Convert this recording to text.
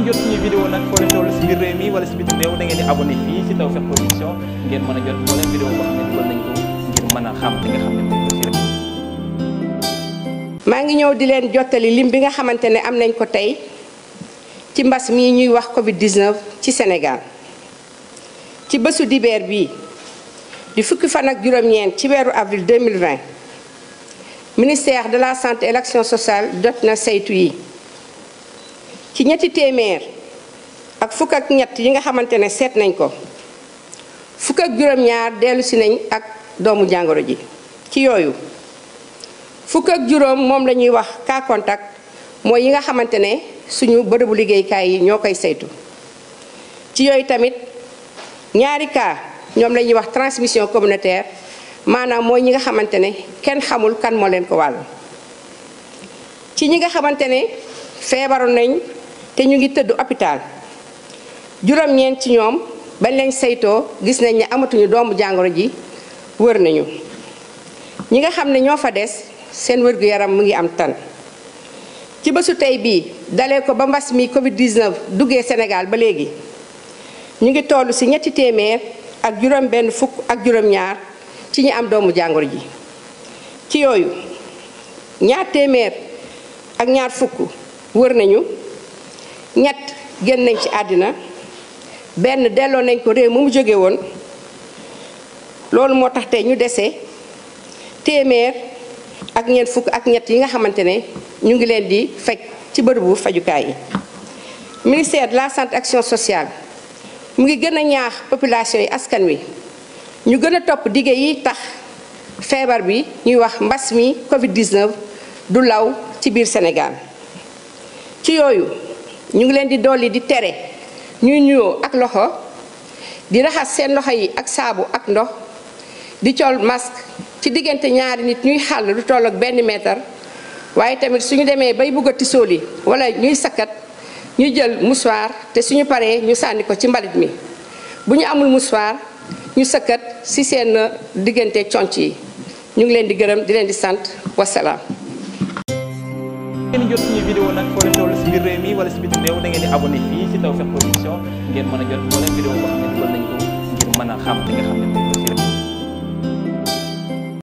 ngeen ne dugal nañ ko a xam li maa ngi ñëw di leen jottali lim bi nga xamante ne am nañ ko tey ci mbas mii ñuy wax Covid 19 ci senegal ci bésu dibeer bi di fukki fan ak juróom-ñeent ci weeru avril 2020 ministère de la santé et sociale jot na saytu yi. ci ñetti téeméer ak fukk ak ñett yi nga xamante ne seet nañ ko fukk ak juróom-ñaar dellu nañ ak doomu jàngoro ji ci yooyu fukk ak juróom moom la ñuy wax cas contact mooy yi nga xamante ne suñu bërëbu liggéeykaay yi ñoo koy saytu ci yooyu tamit ñaari cas ñoom la ñuy wax transmission communataire maanaam mooy ñi nga xamante ne kenn xamul kan moo leen ko wàll ci ñi nga xamante feebaru nañ te ñu ngi tëdd hôpital juróom-ñeent ci ñoom bañ leen saytoo gis nañ ne amatuñu doomu jàngoro ji wër nañu ñi nga xam ne ñoo fa des seen wërgu yaram mu ngi am tan ci bésu tey bii dalee ko ba mbas mi Covid 19 duggee Sénégal ba léegi ñu ngi tollu ci ñetti téeméer ak juróom benn fukk ak juróom-ñaar ci ñi am doomu jàngoro ji ci yooyu ñaar téeméer ak ñaar fukk wër nañu. ñett génn nañ ci àddina benn delloo nañ ko réew mu mu jóge woon loolu moo tax tey ñu desee téeméer ak ñeent fukk ak ñett yi nga xamante ne ñu ngi leen di faj ci bërëbu fajukaay yi. ministère de la santé action sociale mu ngi gën a ñaax population yi askan wi ñu gën a topp dige yi tax feebar bi ñuy wax mbas mi Covid 19 du law ci biir Sénégal ci yooyu. ñu ngi leen di dolli di tere ñuy nuyoo ak loxo di raxas seen loxo yi ak saabu ak ndox di col mask ci diggante ñaari nit ñuy xàll lu toll ak benn meetar waaye tamit suñu demee bay bugg a tisooli wala ñuy sakkat ñu jël mouchoir te suñu paree ñu sànni ko ci mbalit mi bu ñu amul mouchoir ñu sëkkat ci seen diggante conc yi ñu ngi leen di gërëm di leen di sant wasalaam ngeen jot suñu vidéo nag foo leen toll si biir réew mi wala si bitim réew da ngeen ngeen mën a jot moo leen vidéo